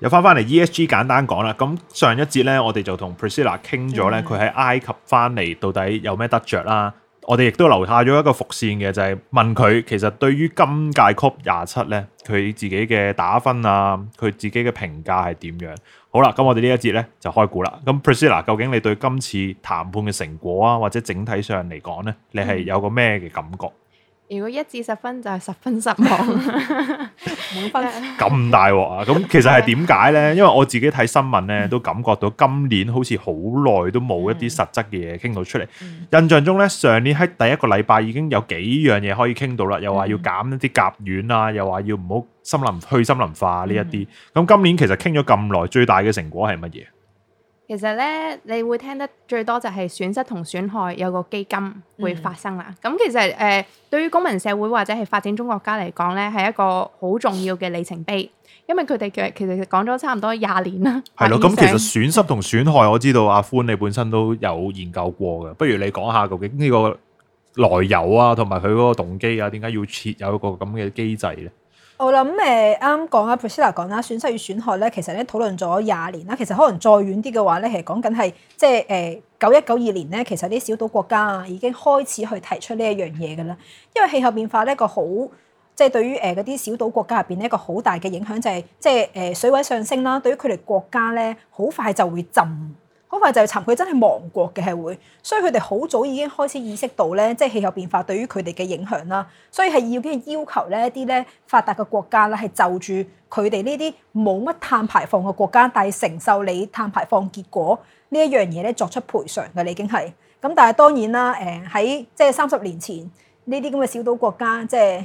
又翻翻嚟 E S G 簡單講啦，咁上一節咧，我哋就同 Priscilla 傾咗咧，佢喺埃及翻嚟到底有咩得着啦，啊，我哋亦都留下咗一個伏線嘅，就係、係、問佢其實對於今屆 COP 廿七咧，佢自己嘅打分啊，佢自己嘅評價係點樣？好啦，咁我哋呢一節咧就開估啦。咁 Priscilla，究竟你對今次談判嘅成果啊，或者整體上嚟講咧，你係有個咩嘅感覺？嗯如果一至十分就係十分失望，滿分。咁大鑊啊！咁其實係點解呢？因為我自己睇新聞咧，都感覺到今年好似好耐都冇一啲實質嘅嘢傾到出嚟。嗯、印象中咧，上年喺第一個禮拜已經有幾樣嘢可以傾到啦，又話要減一啲甲烷啊，又話要唔好森林去森林化呢一啲。咁、嗯、今年其實傾咗咁耐，最大嘅成果係乜嘢？其實咧，你會聽得最多就係損失同損害有個基金會發生啦。咁、嗯、其實誒、呃，對於公民社會或者係發展中國家嚟講咧，係一個好重要嘅里程碑，因為佢哋其實講咗差唔多廿年啦。係咯的，咁 其實損失同損害，我知道阿、啊、寬你本身都有研究過嘅。不如你講下究竟呢個來由啊，同埋佢嗰個動機啊，點解要設有一個咁嘅機制咧？我諗誒，啱啱講啊，Priscilla 講啦，損失與損害咧，其實咧討論咗廿年啦。其實可能再遠啲嘅話咧，其實講緊係即係誒，九一九二年咧，其實啲小島國家啊，已經開始去提出呢一樣嘢㗎啦。因為氣候變化咧，一個好即係對於誒嗰啲小島國家入邊咧，一個好大嘅影響就係即係誒水位上升啦。對於佢哋國家咧，好快就會浸。好快就係尋佢真係亡國嘅係會，所以佢哋好早已經開始意識到咧，即係氣候變化對於佢哋嘅影響啦。所以係已經要求咧啲咧發達嘅國家啦，係就住佢哋呢啲冇乜碳排放嘅國家，但係承受你碳排放結果呢一樣嘢咧，作出賠償嘅。你已經係咁，但係當然啦，誒喺即係三十年前呢啲咁嘅小島國家，即係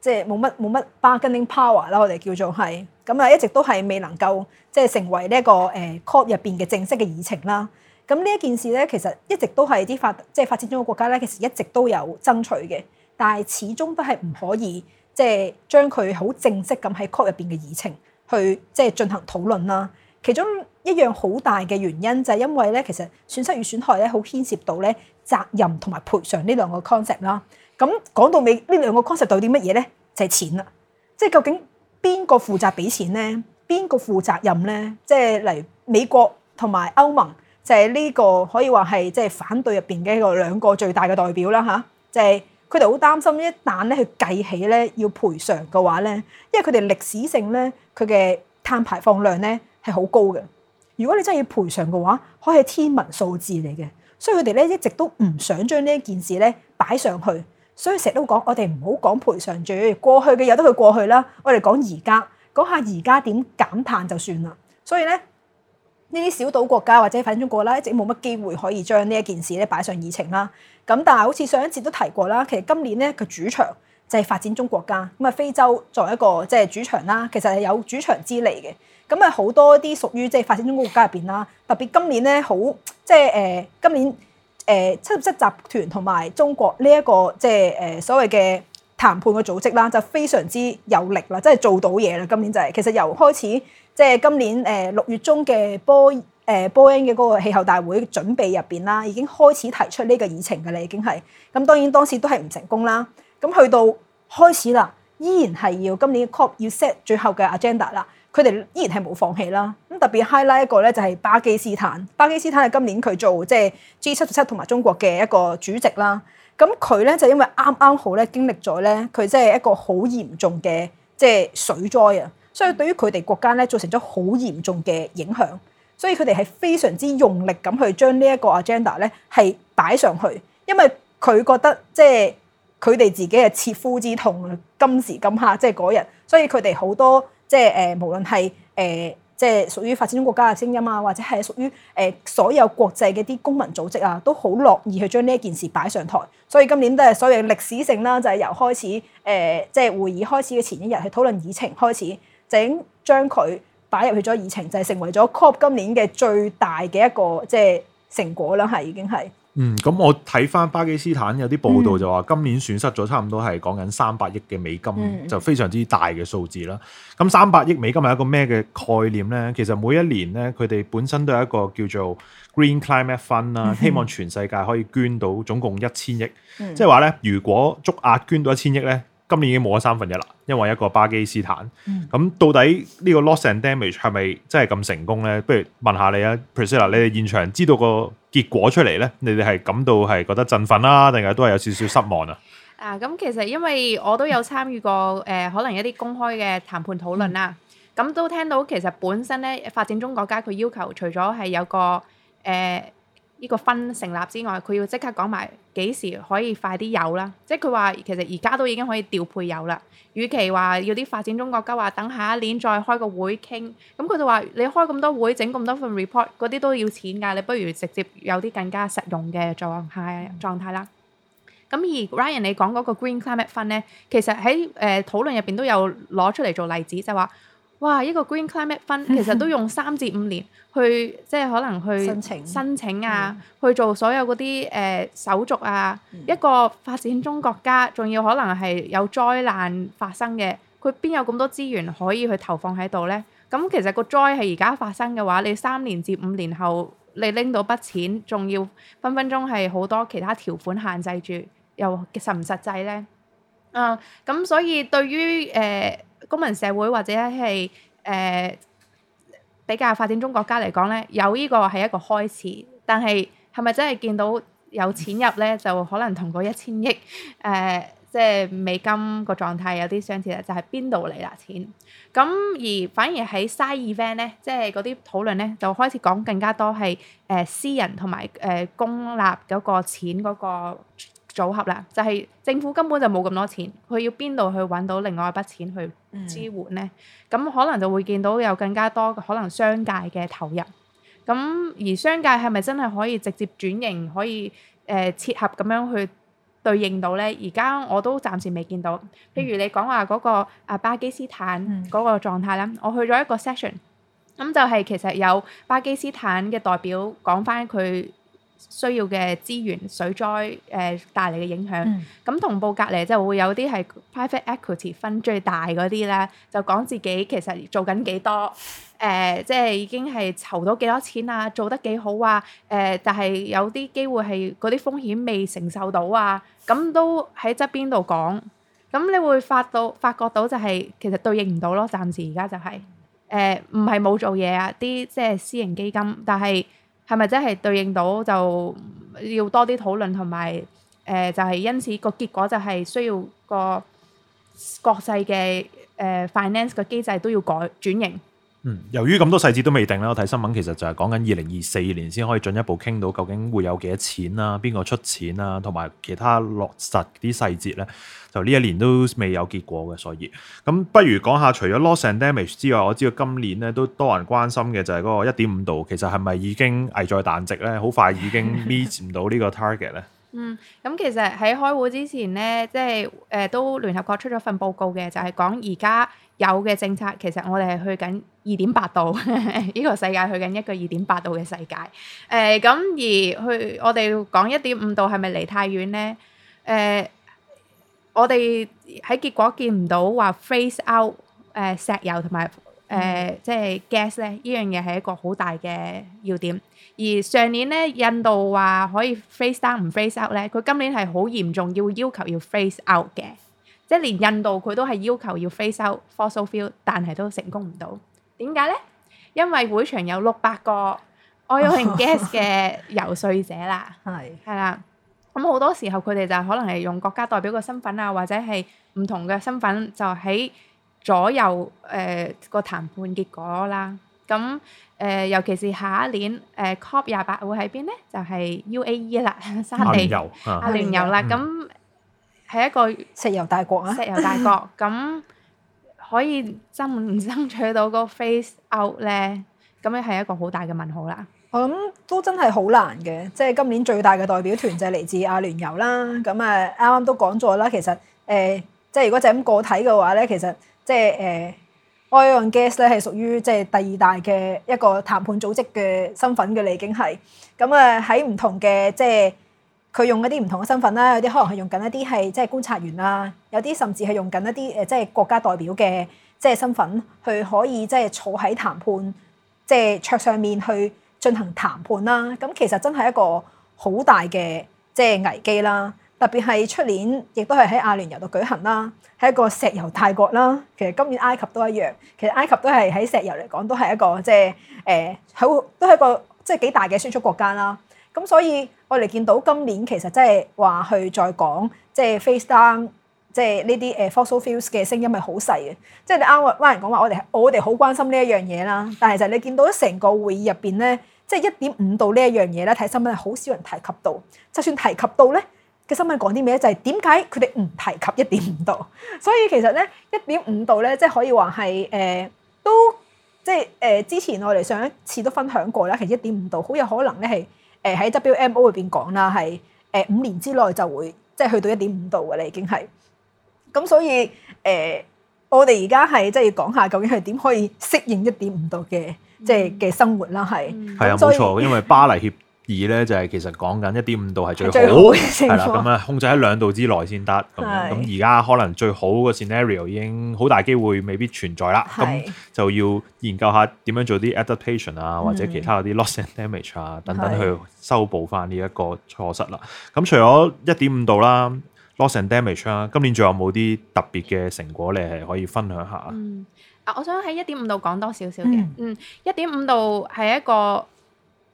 即係冇乜冇乜 bargaining power 啦，我哋叫做係。咁啊、嗯、一直都係未能夠即係成為呢、這個誒 COP 入邊嘅正式嘅議程啦。咁呢一件事咧，其實一直都係啲發即係發展中國家咧，其實一直都有爭取嘅，但係始終都係唔可以即係將佢好正式咁喺 COP 入邊嘅議程去即係進行討論啦。其中一樣好大嘅原因就係因為咧，其實損失與損害咧，好牽涉到咧責任同埋賠償呢兩個 concept 啦。咁講到尾呢兩個 concept 代表啲乜嘢咧？就係、是、錢啦，即係究竟。邊個負責俾錢咧？邊個負責任咧？即係嚟美國同埋歐盟，就係呢個可以話係即係反對入邊嘅一個兩個最大嘅代表啦吓，就係佢哋好擔心，一旦咧去計起咧要賠償嘅話咧，因為佢哋歷史性咧佢嘅碳排放量咧係好高嘅。如果你真係要賠償嘅話，可以係天文數字嚟嘅。所以佢哋咧一直都唔想將呢一件事咧擺上去。所以成日都講，我哋唔好講賠償住，過去嘅由得佢過去啦。我哋講而家，講下而家點減碳就算啦。所以咧，呢啲小島國家或者發展中國啦，一直冇乜機會可以將呢一件事咧擺上議程啦。咁但係好似上一節都提過啦，其實今年咧個主場就係發展中國家咁啊，非洲作為一個即係主場啦。其實係有主場之利嘅。咁啊好多啲屬於即係發展中國,國家入邊啦，特別今年咧好即係誒今年。誒七十七集團同埋中國呢、這、一個即係誒所謂嘅談判嘅組織啦，就非常之有力啦，即係做到嘢啦。今年就係、是、其實由開始即係、就是、今年誒六月中嘅波誒、呃、波恩嘅嗰個氣候大會準備入邊啦，已經開始提出呢個議程㗎啦，已經係咁。當然當時都係唔成功啦。咁去到開始啦。依然係要今年嘅 cop 要 set 最後嘅 agenda 啦，佢哋依然係冇放棄啦。咁特別 highlight 一個咧，就係巴基斯坦。巴基斯坦係今年佢做即係、就是、G 七十七同埋中國嘅一個主席啦。咁佢咧就因為啱啱好咧經歷咗咧，佢即係一個好嚴重嘅即係水災啊，所以對於佢哋國家咧造成咗好嚴重嘅影響，所以佢哋係非常之用力咁去將呢一個 agenda 咧係擺上去，因為佢覺得即係。就是佢哋自己係切膚之痛，今時今刻即係嗰日，所以佢哋好多即係誒，無論係誒、呃，即係屬於發展中國家嘅聲音啊，或者係屬於誒、呃、所有國際嘅啲公民組織啊，都好樂意去將呢一件事擺上台。所以今年都係所謂歷史性啦，就係、是、由開始誒、呃，即係會議開始嘅前一日去討論議程開始，整將佢擺入去咗議程，就係、是、成為咗 COP 今年嘅最大嘅一個即係成果啦，係已經係。嗯，咁我睇返巴基斯坦有啲報導就話今年損失咗差唔多係講緊三百億嘅美金，嗯、就非常之大嘅數字啦。咁三百億美金係一個咩嘅概念咧？其實每一年咧，佢哋本身都有一個叫做 Green Climate Fund 啦、嗯，希望全世界可以捐到總共一千億。嗯、即係話咧，如果足額捐到一千億咧。今年已經冇咗三分一啦，因為一個巴基斯坦。咁到底呢個 loss and damage 係咪真係咁成功呢？不如問下你啊，Priscilla，你哋現場知道個結果出嚟呢？你哋係感到係覺得振奮啦，定係都係有少少失望啊？啊，咁其實因為我都有參與過誒，可能一啲公開嘅談判討論啦。咁都聽到其實本身呢，發展中國家佢要求除咗係有個誒。呢個分成立之外，佢要即刻講埋幾時可以快啲有啦。即係佢話其實而家都已經可以調配有啦。與其話要啲發展中國家話等下一年再開個會傾，咁、嗯、佢就話你開咁多會整咁多份 report 嗰啲都要錢㗎，你不如直接有啲更加實用嘅狀態狀態啦。咁、嗯、而 Ryan 你講嗰個 Green Climate f u 其實喺誒討論入邊都有攞出嚟做例子，就話、是。哇！一個 Green Climate Fund 其實都用三至五年去， 即係可能去申請，申請啊，去做所有嗰啲誒手續啊。一個發展中國家，仲要可能係有災難發生嘅，佢邊有咁多資源可以去投放喺度呢？咁、嗯、其實個災係而家發生嘅話，你三年至五年後你拎到筆錢，仲要分分鐘係好多其他條款限制住，又實唔實際呢？啊、嗯！咁、嗯、所以對於誒，呃公民社會或者係誒、呃、比較發展中國家嚟講呢，有呢個係一個開始，但係係咪真係見到有錢入呢？ 就可能同嗰一千億誒即係美金個狀態有啲相似咧？就係邊度嚟啦錢？咁而反而喺 side event 咧，即係嗰啲討論呢，就開始講更加多係誒、呃、私人同埋誒公立嗰個錢嗰、嗰個。組合啦，就係、是、政府根本就冇咁多錢，佢要邊度去揾到另外一筆錢去支援呢？咁、嗯、可能就會見到有更加多可能商界嘅投入。咁而商界係咪真係可以直接轉型，可以誒切、呃、合咁樣去對應到呢？而家我都暫時未見到。譬如你講話嗰個啊巴基斯坦嗰個狀態啦，嗯、我去咗一個 session，咁就係其實有巴基斯坦嘅代表講翻佢。需要嘅資源水災誒、呃、帶嚟嘅影響，咁、嗯、同步隔離就係、是、會有啲係 private equity 分最大嗰啲呢，就講自己其實做緊幾多誒，即、呃、係、就是、已經係籌到幾多錢啊，做得幾好啊誒、呃，但係有啲機會係嗰啲風險未承受到啊，咁都喺側邊度講，咁你會發到發覺到就係、是、其實對應唔到咯，暫時而家就係誒唔係冇做嘢啊，啲即係私營基金，但係。係咪真係對應到就要多啲討論同埋誒，就係、是、因此個結果就係需要個國際嘅誒、呃、finance 嘅機制都要改轉型。嗯，由於咁多細節都未定啦，我睇新聞其實就係講緊二零二四年先可以進一步傾到究竟會有幾多錢啦、啊，邊個出錢啦、啊，同埋其他落實啲細節咧，就呢一年都未有結果嘅，所以咁不如講下除咗 loss and damage 之外，我知道今年咧都多人關心嘅就係嗰個一點五度，其實係咪已經危在旦夕咧？好快已經 meet 唔到呢個 target 咧。嗯，咁其實喺開會之前咧，即係誒、呃、都聯合國出咗份報告嘅，就係講而家。有嘅政策，其實我哋係去緊二點八度呢 個世界，去緊一個二點八度嘅世界。誒、呃、咁而去，我哋講一點五度係咪離太遠呢？誒、呃，我哋喺結果見唔到話 phase out 誒、呃、石油同埋誒即係 gas 咧，呢樣嘢係一個好大嘅要點。而上年咧，印度話可以 phase down 唔 phase out 咧，佢今年係好嚴重要要求要 phase out 嘅。即係連印度佢都係要求要 phase out fossil fuel，但係都成功唔到。點解呢？因為會場有六百個 Oil and Gas 嘅遊説者啦，係係啦。咁好多時候佢哋就可能係用國家代表嘅身份啊，或者係唔同嘅身份，就喺左右誒個談判結果啦。咁誒，尤其是下一年誒 COP 廿八會喺邊呢？就係 UAE 啦，沙地阿聯酋啦，咁。係一個石油大國啊！石油大國咁 可以爭唔爭取到個 phase out 咧？咁咧係一個好大嘅問號啦！我諗都真係好難嘅，即係今年最大嘅代表團就係嚟自阿聯酋啦。咁啊，啱啱都講咗啦。其實誒、呃，即係如果就咁個體嘅話咧，其實即係誒、呃、Ion Guest 咧係屬於即係第二大嘅一個談判組織嘅身份嘅你已經係咁啊！喺唔同嘅即係。佢用一啲唔同嘅身份啦，有啲可能係用緊一啲係即係觀察員啦，有啲甚至係用緊一啲誒即係國家代表嘅即係身份，去可以即係坐喺談判即係、就是、桌上面去進行談判啦。咁其實真係一個好大嘅即係危機啦。特別係出年亦都係喺阿聯酋度舉行啦，係一個石油泰國啦。其實今年埃及都一樣，其實埃及都係喺石油嚟講都係一個即係誒好都係一個即係幾大嘅輸出國家啦。咁所以我哋見到今年其實即係話去再講，即係 face down，即係呢啲誒 fossil fuels 嘅聲音係好細嘅。即係你啱啱人講話，我哋我哋好關心呢一樣嘢啦。但係就係你見到成個會議入邊咧，即係一點五度呢一樣嘢咧，睇新聞好少人提及到，就算提及到咧嘅新聞講啲咩，就係點解佢哋唔提及一點五度？所以其實咧，一點五度咧，即係可以話係誒都即係誒之前我哋上一次都分享過啦，其實一點五度好有可能咧係。誒喺 WMO 裏邊講啦，係誒五年之內就會即係去到一點五度嘅啦，已經係。咁所以誒、呃，我哋而家係即係要講下究竟係點可以適應一點五度嘅、嗯、即係嘅生活啦，係。係啊、嗯，冇錯，因為巴黎協。二咧就係、是、其實講緊一點五度係最好，係啦好，咁啊 了控制喺兩度之內先得。咁而家可能最好個 scenario 已經好大機會未必存在啦。咁是就要研究下點樣做啲 adaptation 啊，或者其他嗰啲 loss and damage 啊等等去修補返呢一個錯失是啦。咁除咗一點五度啦，loss and damage 啊，今年仲有冇啲特別嘅成果你係可以分享下啊？啊、嗯，我想喺一點五度講多少少嘅。嗯，一點五度係一個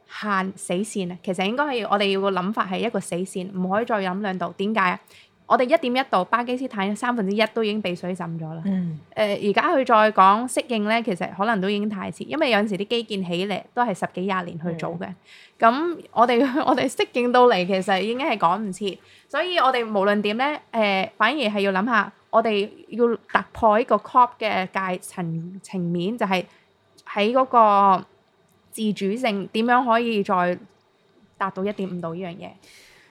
限死線啊！其實應該係我哋要個諗法係一個死線，唔可以再飲兩度。點解啊？我哋一點一度，巴基斯坦三分之一都已經被水浸咗啦。誒、嗯，而家佢再講適應呢，其實可能都已經太遲，因為有陣時啲基建起嚟都係十幾廿年去做嘅。咁、嗯、我哋我哋適應到嚟，其實已經係趕唔切。所以我哋無論點呢，誒、呃，反而係要諗下，我哋要突破呢個 COP 嘅界層層面，就係喺嗰個。自主性點樣可以再達到一點五度呢樣嘢？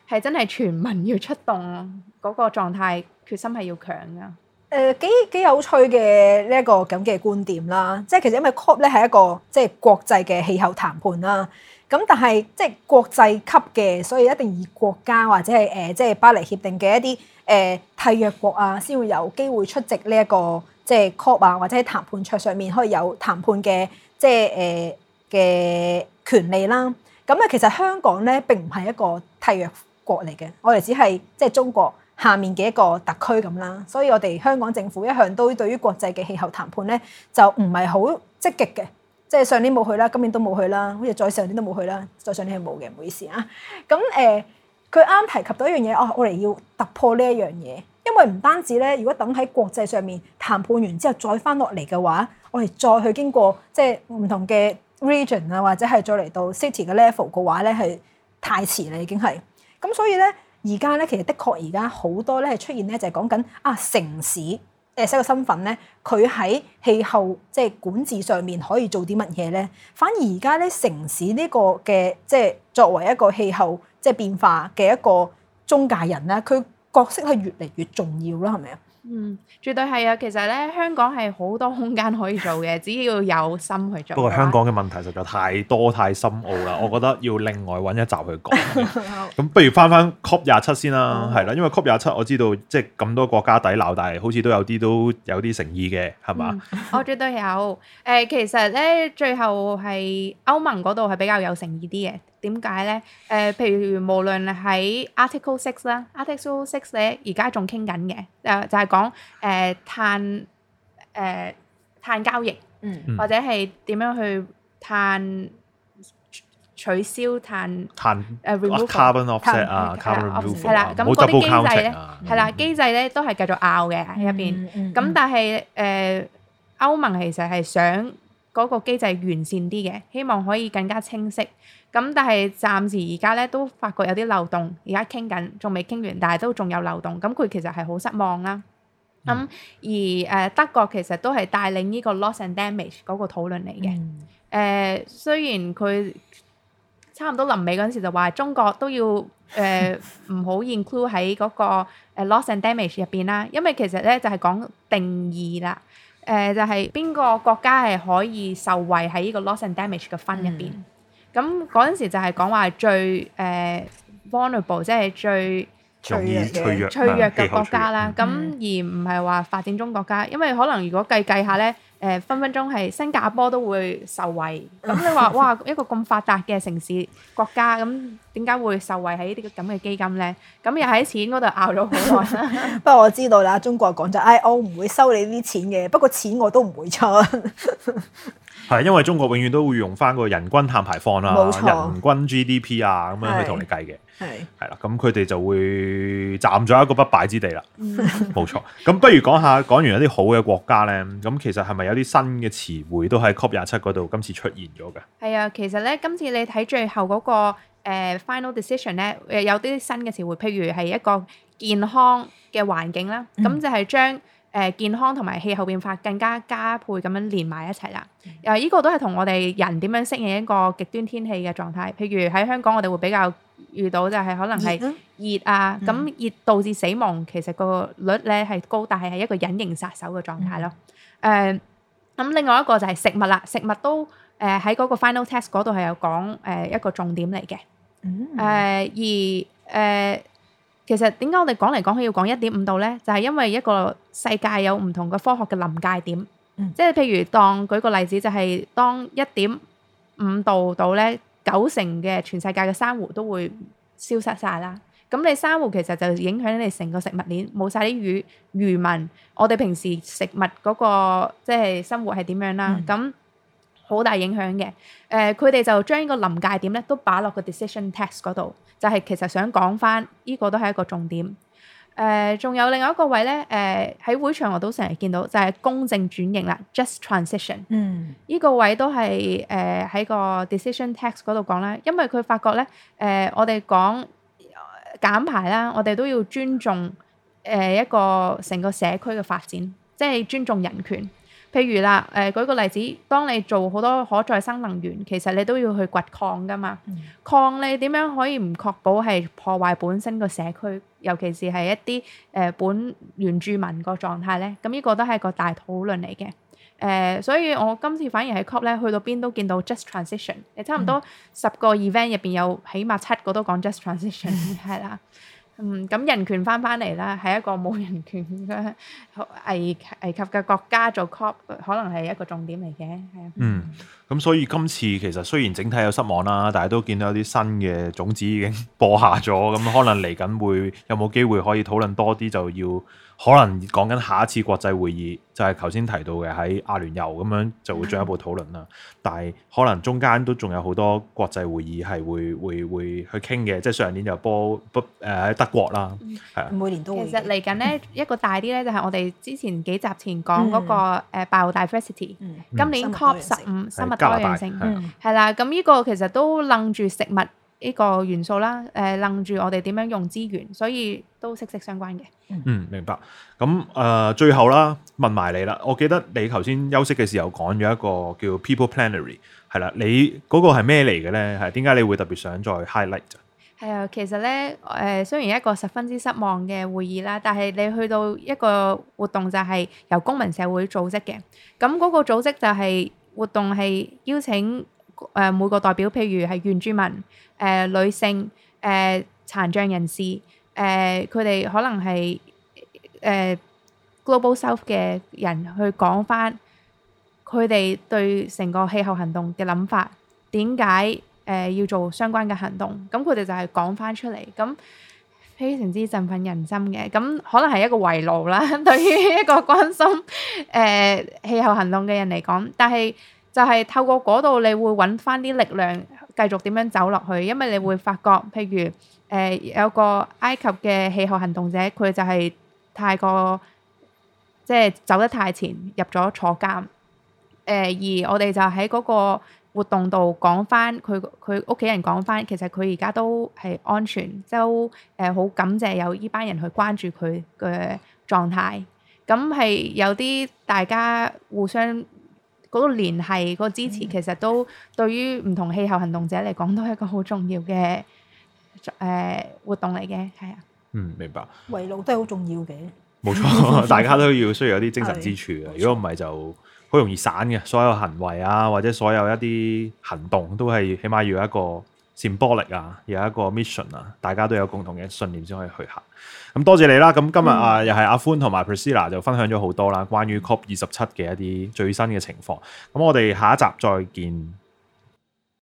係真係全民要出動咯，嗰、那個狀態決心係要強噶。誒，幾幾有趣嘅呢一個咁嘅、這個、觀點啦，即係其實因為 COP 咧係一個即係國際嘅氣候談判啦，咁但係即係國際級嘅，所以一定以國家或者係誒、呃、即係巴黎協定嘅一啲誒締約國啊，先會有機會出席呢、這、一個即係 COP 啊，或者喺談判桌上面可以有談判嘅即係誒。呃呃嘅權利啦，咁咧其實香港咧並唔係一個締約國嚟嘅，我哋只係即係中國下面嘅一個特區咁啦，所以我哋香港政府一向都對於國際嘅氣候談判咧就唔係好積極嘅，即係上年冇去啦，今年都冇去啦，好似再上年都冇去啦，再上年係冇嘅，唔好意思啊。咁誒，佢啱啱提及到一樣嘢，哦，我哋要突破呢一樣嘢，因為唔單止咧，如果等喺國際上面談判完之後再翻落嚟嘅話，我哋再去經過即係唔同嘅。region 啊，或者係再嚟到 city 嘅 level 嘅話咧，係太遲啦，已經係。咁所以咧，而家咧，其實的確而家好多咧係出現咧，就係講緊啊城市誒，喺、呃、個身份咧，佢喺氣候即係管治上面可以做啲乜嘢咧？反而而家咧，城市呢個嘅即係作為一個氣候即係變化嘅一個中介人咧，佢角色係越嚟越重要啦，係咪啊？嗯，絕對係啊！其實咧，香港係好多空間可以做嘅，只要有心去做。 不過香港嘅問題實在太多太深奧啦，我覺得要另外揾一集去講。咁不如返返 COP 廿七先啦，係啦、嗯，因為 COP 廿七我知道即係咁多國家抵鬧，但係好似都有啲都有啲誠意嘅，係嘛、嗯？我絕對有。誒、呃，其實咧最後係歐盟嗰度係比較有誠意啲嘅。點解咧？誒，譬如無論喺 Article Six 啦，Article Six 咧，而家仲傾緊嘅，誒，就係講誒碳誒碳交易，嗯，或者係點樣去碳取消碳碳誒 remove carbon offset 啊，carbon offset 係啦，咁嗰啲機制咧係啦，機制咧都係繼續拗嘅喺入邊。咁但係誒歐盟其實係想。嗰個機制完善啲嘅，希望可以更加清晰。咁但係暫時而家咧都發覺有啲漏洞。而家傾緊，仲未傾完，但係都仲有漏洞。咁佢其實係好失望啦。咁、嗯、而誒德國其實都係帶領呢個 loss and damage 嗰個討論嚟嘅。誒、嗯、雖然佢差唔多臨尾嗰陣時就話中國都要誒唔好 include 喺嗰個 loss and damage 入邊啦，因為其實咧就係、是、講定義啦。誒、呃、就係、是、邊個國家係可以受惠喺呢個 loss and damage 嘅分入邊？咁嗰陣時就係講話最誒、呃、vulnerable，即係最脆弱嘅國家啦。咁而唔係話發展中國家，嗯、因為可能如果計計下咧。誒、呃、分分鐘係新加坡都會受惠，咁你話哇一個咁發達嘅城市國家，咁點解會受惠喺呢啲咁嘅基金呢？咁又喺錢嗰度拗咗好耐啦。不過我知道啦，中國講就唉，我唔會收你啲錢嘅，不過錢我都唔會出。 係，因為中國永遠都會用翻個人均碳排放啦、啊，冇錯，人均 GDP 啊，咁樣去同你計嘅。係係啦，咁佢哋就會站咗一個不敗之地啦。冇錯。 咁不如講下，講完一啲好嘅國家呢。咁其實係咪有啲新嘅詞彙都喺 COP 廿七嗰度今次出現咗噶？係啊，其實呢，今次你睇最後嗰、那個誒、呃、final decision 呢，有啲新嘅詞彙，譬如係一個健康嘅環境啦，咁、嗯、就係將。誒健康同埋氣候變化更加加倍咁樣連埋一齊啦。誒依個都係同我哋人點樣適應一個極端天氣嘅狀態。譬如喺香港，我哋會比較遇到就係可能係熱啊，咁熱導致死亡，其實個率咧係高，但係係一個隱形殺手嘅狀態咯。誒咁另外一個就係食物啦，食物都誒喺嗰個 final test 嗰度係有講誒一個重點嚟嘅。誒而誒。其實點解我哋講嚟講去要講一點五度呢？就係、是、因為一個世界有唔同嘅科學嘅臨界點，嗯、即係譬如當舉個例子，就係、是、當一點五度到呢，九成嘅全世界嘅珊瑚都會消失晒啦。咁你珊瑚其實就影響你成個食物鏈，冇晒啲魚，漁民，我哋平時食物嗰、那個即係、就是、生活係點樣啦？咁、嗯。好大影響嘅，誒佢哋就將呢個臨界點咧，都擺落個 decision text 嗰度，就係、是、其實想講翻呢個都係一個重點。誒、呃，仲有另外一個位咧，誒、呃、喺會場我都成日見到，就係、是、公正轉型啦，just transition。嗯，呢個位都係誒喺個 decision text 嗰度講啦，因為佢發覺咧，誒我哋講減排啦，我哋都要尊重誒、呃、一個成個社區嘅發展，即係尊重人權。譬如啦，誒、呃、舉個例子，當你做好多可再生能源，其實你都要去掘礦㗎嘛。嗯、礦你點樣可以唔確保係破壞本身個社區，尤其是係一啲誒、呃、本原住民個狀態咧？咁呢個都係個大討論嚟嘅。誒、呃，所以我今次反而喺 COP 咧，去到邊都見到 Just Transition、嗯。你差唔多十個 event 入邊有起碼七個都講 Just Transition，係、嗯、啦。嗯，咁人權翻翻嚟啦，喺一個冇人權嘅危危及嘅國家做 cop，可能係一個重點嚟嘅，係啊。嗯。咁所以今次其實雖然整體有失望啦，但係都見到有啲新嘅種子已經播下咗，咁 可能嚟緊會有冇機會可以討論多啲，就要可能講緊下一次國際會議，就係頭先提到嘅喺阿聯酋咁樣就會進一步討論啦。嗯、但係可能中間都仲有好多國際會議係會會會去傾嘅，即係上年就播不誒喺德國啦，係啊，每年都會，其實嚟緊呢 一個大啲呢，就係我哋之前幾集前講嗰個誒 Biodiversity，嗯、今年 COP 十五多樣性係啦，咁呢個其實都楞住食物呢個元素啦，誒楞住我哋點樣用資源，所以都息息相關嘅。嗯，明白。咁誒，最後啦，問埋你啦。我記得你頭先休息嘅時候講咗一個叫 People Plenary 係啦，你嗰個係咩嚟嘅咧？係點解你會特別想再 highlight？係啊，其實咧，誒，雖然一個十分之失望嘅會議啦，但係你去到一個活動就係由公民社會組織嘅，咁嗰個組織就係。活動係邀請誒、呃、每個代表，譬如係原住民、誒、呃、女性、誒、呃、殘障人士，誒佢哋可能係誒、呃、Global South 嘅人去講翻佢哋對成個氣候行動嘅諗法，點解誒要做相關嘅行動？咁佢哋就係講翻出嚟咁。嗯。非常之振奮人心嘅，咁、嗯、可能係一個圍爐啦。 對於一個關心誒氣、呃、候行動嘅人嚟講，但係就係透過嗰度你會揾翻啲力量，繼續點樣走落去。因為你會發覺，譬如誒、呃、有個埃及嘅氣候行動者，佢就係太過即係、就是、走得太前，入咗坐監。誒、呃，而我哋就喺嗰、嗰個。活動度，講翻佢，佢屋企人講翻，其實佢而家都係安全，都誒好感謝有依班人去關注佢嘅狀態。咁係有啲大家互相嗰、嗰個聯繫、嗰個支持，其實都對於唔同氣候行動者嚟講，都係一個好重要嘅誒、呃、活動嚟嘅，係啊。嗯，明白。圍爐都係好重要嘅，冇 錯。大家都要需要有啲精神支柱嘅，如果唔係就。好容易散嘅，所有行為啊，或者所有一啲行動，都係起碼要一個 symbolic 啊，有一個，ic，要一個 mission 啊，大家都有共同嘅信念先可以去行。咁多謝，謝你啦。咁今日啊，又係阿歡同埋 Priscilla 就分享咗好多啦，關於 COP 二十七嘅一啲最新嘅情況。咁我哋下一集再見。